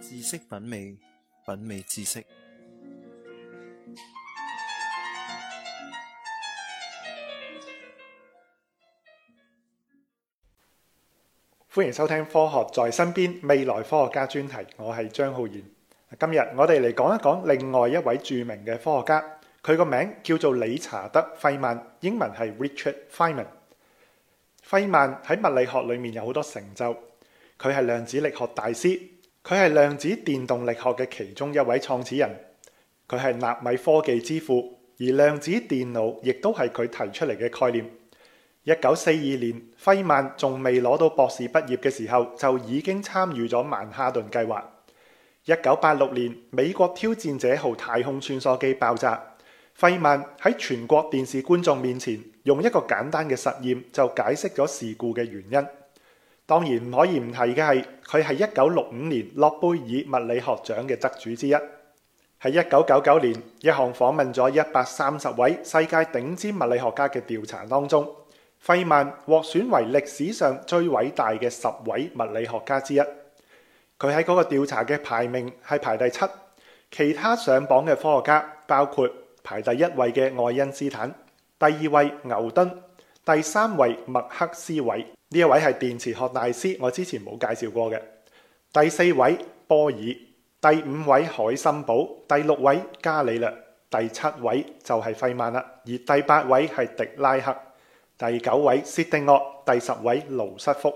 知識品味，品味知識。歡迎收聽《科學在身邊》未來科學家專題，我係張浩然。今日我哋嚟講一講另外一位著名嘅科學家，佢個名叫做理查德·費曼，英文係 Richard Feynman。費曼喺物理學裏面有好多成就。佢係量子力學大師，佢係量子電動力學嘅其中一位創始人，佢係納米科技之父，而量子電腦亦都係佢提出嚟嘅概念。一九四二年，費曼仲未攞到博士畢業嘅時候，就已經參與咗曼哈頓計劃。一九八六年，美國挑戰者號太空穿梭機爆炸，費曼喺全國電視觀眾面前用一個簡單嘅實驗就解釋咗事故嘅原因。當然唔可以唔提嘅係，佢係一九六五年諾貝爾物理學獎嘅得主之一，喺一九九九年，一項訪問咗一百三十位世界頂尖物理學家嘅調查當中，費曼獲選為歷史上最偉大嘅十位物理學家之一。佢喺嗰個調查嘅排名係排第七，其他上榜嘅科學家包括排第一位嘅愛因斯坦，第二位牛頓，第三位麥克斯韋。呢一位係電磁學大師，我之前冇介紹過嘅。第四位波爾，第五位海森堡，第六位伽利略，第七位就係、是、費曼啦，而第八位係狄拉克，第九位薛定諤，第十位盧瑟福。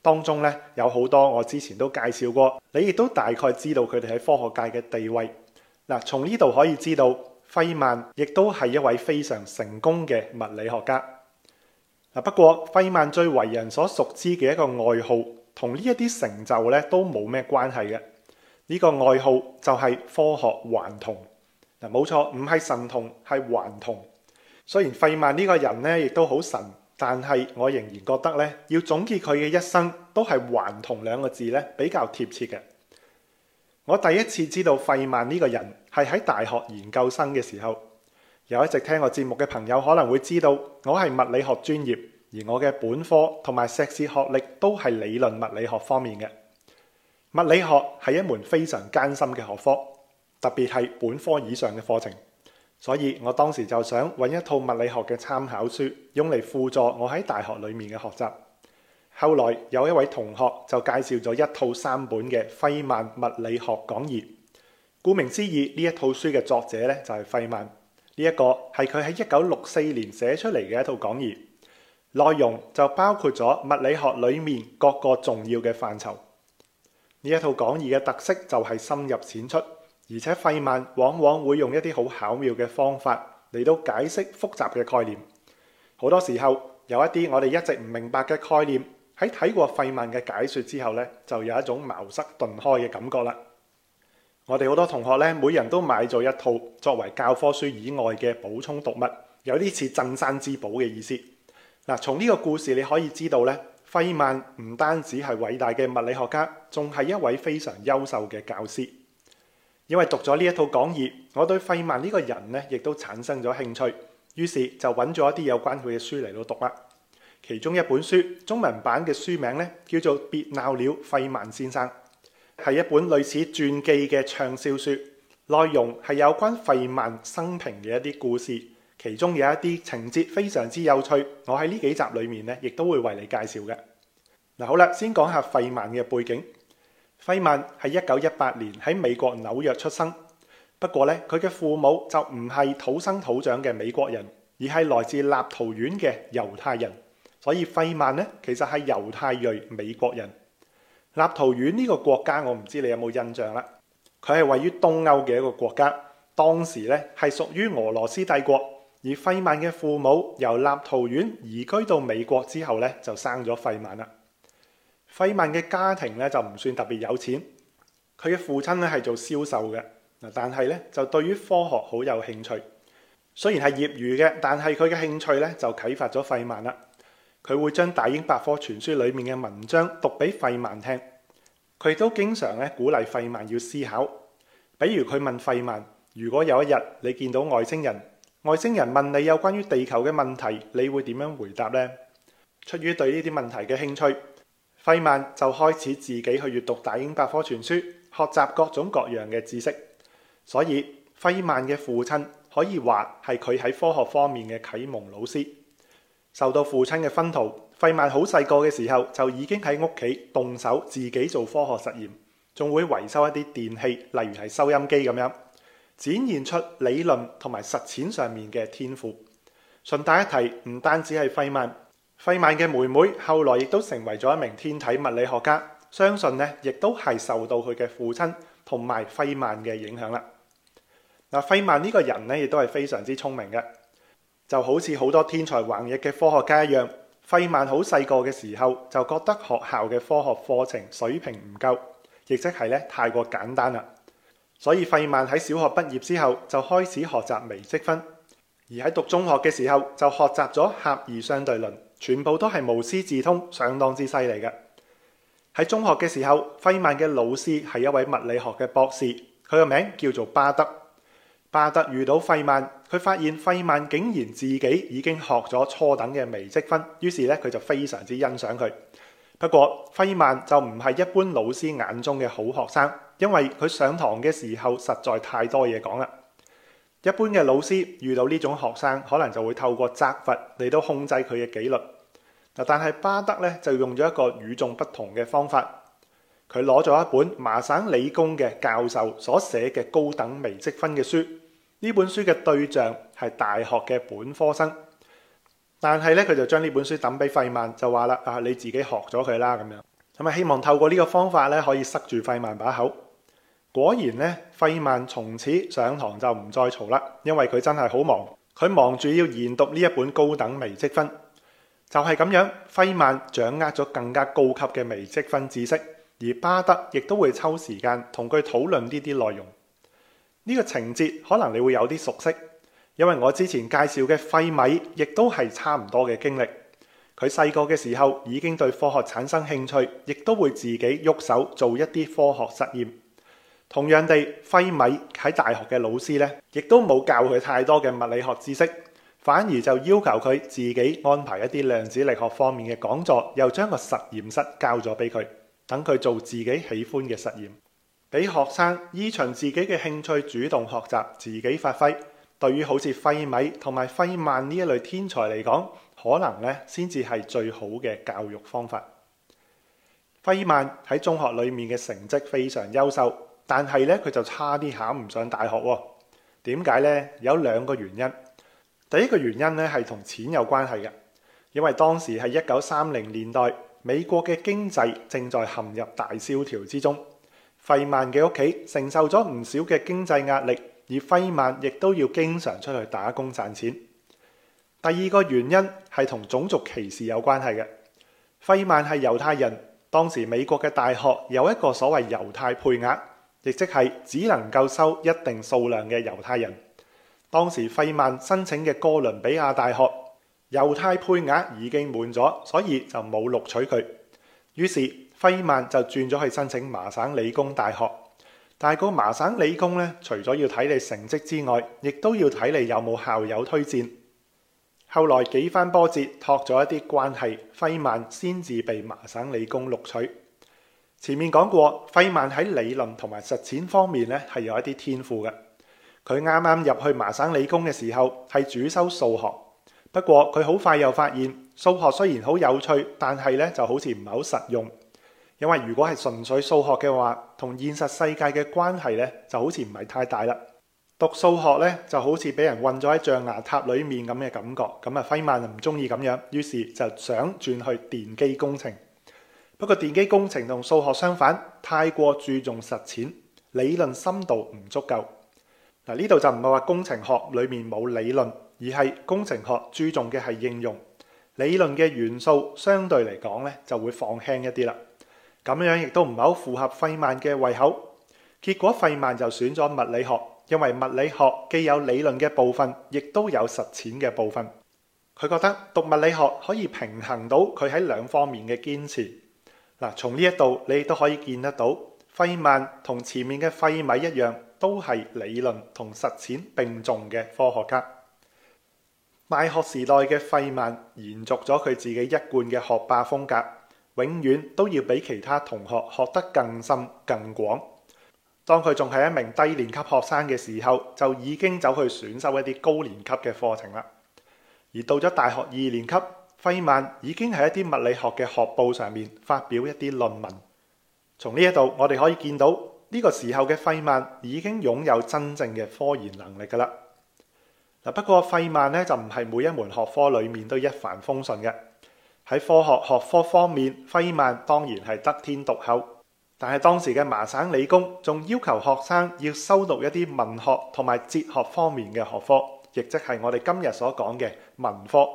當中咧有好多我之前都介紹過，你亦都大概知道佢哋喺科學界嘅地位。嗱，從呢度可以知道，費曼亦都係一位非常成功嘅物理學家。不過費曼最為人所熟知嘅一個外號，同呢一啲成就咧都冇咩關係嘅。呢個外號就係科學頑童，嗱，冇錯，唔係神童，係頑童。雖然費曼呢個人咧亦都好神，但係我仍然覺得咧要總結佢嘅一生，都係頑童兩個字咧比較貼切嘅。我第一次知道費曼呢個人，係喺大學研究生嘅時候。有一直聽我節目嘅朋友可能會知道，我係物理學專業，而我嘅本科同埋碩士學歷都係理論物理學方面嘅。物理學係一門非常艱辛嘅學科，特別係本科以上嘅課程。所以我當時就想揾一套物理學嘅參考書，用嚟輔助我喺大學裏面嘅學習。後來有一位同學就介紹咗一套三本嘅費曼物理學講義。顧名思義，呢一套書嘅作者咧就係費曼。呢一個係佢喺一九六四年寫出嚟嘅一套講義，內容就包括咗物理學裏面各個重要嘅範疇。呢一套講義嘅特色就係深入淺出，而且費曼往往會用一啲好巧妙嘅方法嚟到解釋複雜嘅概念。好多時候有一啲我哋一直唔明白嘅概念，喺睇過費曼嘅解説之後呢，就有一種茅塞頓開嘅感覺啦。我哋好多同學咧，每人都買咗一套作為教科書以外嘅補充讀物，有啲似鎮山之寶嘅意思。嗱，從呢個故事你可以知道咧，費曼唔單止係偉大嘅物理學家，仲係一位非常優秀嘅教師。因為讀咗呢一套講義，我對費曼呢個人咧亦都產生咗興趣，於是就揾咗一啲有關佢嘅書嚟到讀啦。其中一本書，中文版嘅書名咧叫做《別鬧了費曼先生》。係一本類似傳記嘅暢銷書，內容係有關費曼生平嘅一啲故事，其中有一啲情節非常之有趣，我喺呢幾集裏面呢，亦都會為你介紹嘅。嗱，好啦，先講下費曼嘅背景。費曼係一九一八年喺美國紐約出生，不過咧佢嘅父母就唔係土生土長嘅美國人，而係來自立陶宛嘅猶太人，所以費曼呢，其實係猶太裔美國人。立陶宛呢個國家，我唔知你有冇印象啦。佢係位於東歐嘅一個國家，當時咧係屬於俄羅斯帝國。而費曼嘅父母由立陶宛移居到美國之後咧，就生咗費曼啦。費曼嘅家庭咧就唔算特別有錢，佢嘅父親咧係做銷售嘅。嗱，但係咧就對於科學好有興趣。雖然係業餘嘅，但係佢嘅興趣咧就啟發咗費曼啦。佢會將《大英百科全書》裏面嘅文章讀俾費曼聽，佢都經常咧鼓勵費曼要思考。比如佢問費曼：「如果有一日你見到外星人，外星人問你有關於地球嘅問題，你會點樣回答呢？」出於對呢啲問題嘅興趣，費曼就開始自己去閱讀《大英百科全書》，學習各種各樣嘅知識。所以費曼嘅父親可以話係佢喺科學方面嘅啟蒙老師。受到父親嘅薰陶，費曼好細個嘅時候就已經喺屋企動手自己做科學實驗，仲會維修一啲電器，例如係收音機咁樣，展現出理論同埋實踐上面嘅天賦。順帶一提，唔單止係費曼，費曼嘅妹妹後來亦都成為咗一名天體物理學家，相信呢亦都係受到佢嘅父親同埋費曼嘅影響啦。嗱，費曼呢個人呢，亦都係非常之聰明嘅。就好似好多天才橫溢嘅科學家一樣，費曼好細個嘅時候就覺得學校嘅科學課程水平唔夠，亦即係咧太過簡單啦。所以費曼喺小學畢業之後就開始學習微積分，而喺讀中學嘅時候就學習咗狹義相對論，全部都係無師自通，相當之犀利嘅。喺中學嘅時候，費曼嘅老師係一位物理學嘅博士，佢個名叫做巴德。巴德遇到費曼，佢發現費曼竟然自己已經學咗初等嘅微積分，於是咧佢就非常之欣賞佢。不過費曼就唔係一般老師眼中嘅好學生，因為佢上堂嘅時候實在太多嘢講啦。一般嘅老師遇到呢種學生，可能就會透過責罰嚟到控制佢嘅紀律。但係巴德咧就用咗一個與眾不同嘅方法，佢攞咗一本麻省理工嘅教授所寫嘅高等微積分嘅書。呢本書嘅對象係大學嘅本科生，但係呢，佢就將呢本書抌俾費曼，就話啦，啊你自己學咗佢啦。咁樣，係咪希望透過呢個方法呢，可以塞住費曼把口？果然呢，費曼從此上堂就唔再嘈啦，因為佢真係好忙，佢忙住要研讀呢一本高等微積分，就係咁樣，費曼掌握咗更加高級嘅微積分知識，而巴德亦都會抽時間同佢討論呢啲內容。呢個情節可能你會有啲熟悉，因為我之前介紹嘅費米，亦都係差唔多嘅經歷。佢細個嘅時候已經對科學產生興趣，亦都會自己喐手做一啲科學實驗。同樣地，費米喺大學嘅老師呢亦都冇教佢太多嘅物理學知識，反而就要求佢自己安排一啲量子力學方面嘅講座，又將個實驗室交咗俾佢，等佢做自己喜歡嘅實驗。俾學生依循自己嘅興趣，主動學習，自己發揮。對於好似費米同埋費曼呢一類天才嚟講，可能咧先至係最好嘅教育方法。費曼喺中學裏面嘅成績非常優秀，但係咧佢就差啲考唔上大學喎。點解呢？有兩個原因。第一個原因咧係同錢有關係嘅，因為當時係一九三零年代，美國嘅經濟正在陷入大蕭條之中。費曼嘅屋企承受咗唔少嘅經濟壓力，而費曼亦都要經常出去打工賺錢。第二個原因係同種族歧視有關係嘅。費曼係猶太人，當時美國嘅大學有一個所謂猶太配額，亦即係只能夠收一定數量嘅猶太人。當時費曼申請嘅哥倫比亞大學猶太配額已經滿咗，所以就冇錄取佢。於是費曼就轉咗去申請麻省理工大學，但係個麻省理工咧，除咗要睇你成績之外，亦都要睇你有冇校友推薦。後來幾番波折，託咗一啲關係，費曼先至被麻省理工錄取。前面講過，費曼喺理論同埋實踐方面咧係有一啲天賦嘅。佢啱啱入去麻省理工嘅時候，係主修數學，不過佢好快又發現數學雖然好有趣，但係咧就好似唔係好實用。因為如果係純粹數學嘅話，同現實世界嘅關係咧就好似唔係太大啦。讀數學咧就好似俾人困咗喺象牙塔裏面咁嘅感覺，咁啊費曼就唔中意咁樣，於是就想轉去電機工程。不過電機工程同數學相反，太過注重實踐，理論深度唔足夠。嗱，呢度就唔係話工程學裏面冇理論，而係工程學注重嘅係應用，理論嘅元素相對嚟講咧就會放輕一啲啦。咁樣亦都唔係好符合費曼嘅胃口，結果費曼就選咗物理學，因為物理學既有理論嘅部分，亦都有實踐嘅部分。佢覺得讀物理學可以平衡到佢喺兩方面嘅堅持。嗱，從呢一度你都可以見得到，費曼同前面嘅費米一樣，都係理論同實踐並重嘅科學家。大學時代嘅費曼延續咗佢自己一貫嘅學霸風格。永遠都要比其他同學學得更深更廣。當佢仲係一名低年級學生嘅時候，就已經走去選修一啲高年級嘅課程啦。而到咗大學二年級，費曼已經喺一啲物理學嘅學報上面發表一啲論文。從呢一度，我哋可以見到呢個時候嘅費曼已經擁有真正嘅科研能力噶啦。不過費曼咧就唔係每一門學科裡面都一帆風順嘅。喺科學學科方面，費曼當然係得天獨厚。但係當時嘅麻省理工仲要求學生要修讀一啲文學同埋哲學方面嘅學科，亦即係我哋今日所講嘅文科。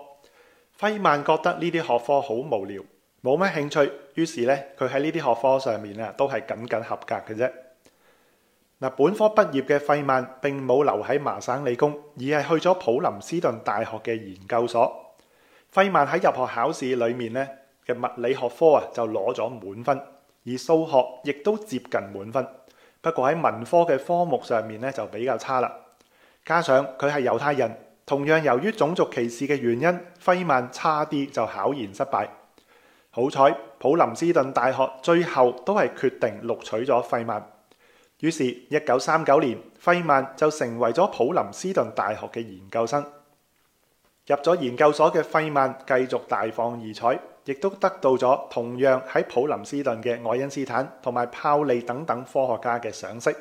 費曼覺得呢啲學科好無聊，冇乜興趣，於是呢，佢喺呢啲學科上面啊都係僅僅合格嘅啫。嗱，本科畢業嘅費曼並冇留喺麻省理工，而係去咗普林斯頓大學嘅研究所。費曼喺入學考試裏面呢嘅物理學科啊，就攞咗滿分，而數學亦都接近滿分。不過喺文科嘅科目上面呢，就比較差啦。加上佢係猶太人，同樣由於種族歧視嘅原因，費曼差啲就考研失敗。好彩普林斯頓大學最後都係決定錄取咗費曼。於是，一九三九年費曼就成為咗普林斯頓大學嘅研究生。入咗研究所嘅費曼繼續大放異彩，亦都得到咗同樣喺普林斯頓嘅愛因斯坦同埋泡利等等科學家嘅賞識。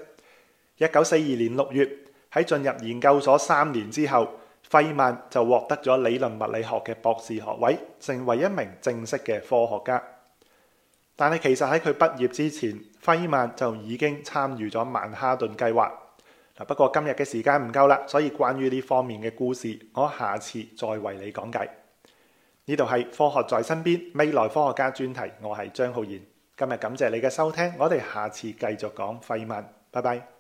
一九四二年六月，喺進入研究所三年之後，費曼就獲得咗理論物理學嘅博士學位，成為一名正式嘅科學家。但係其實喺佢畢業之前，費曼就已經參與咗曼哈頓計劃。不過今日嘅時間唔夠啦，所以關於呢方面嘅故事，我下次再為你講解。呢度係科學在身邊未來科學家專題，我係張浩然。今日感謝你嘅收聽，我哋下次繼續講費曼。拜拜。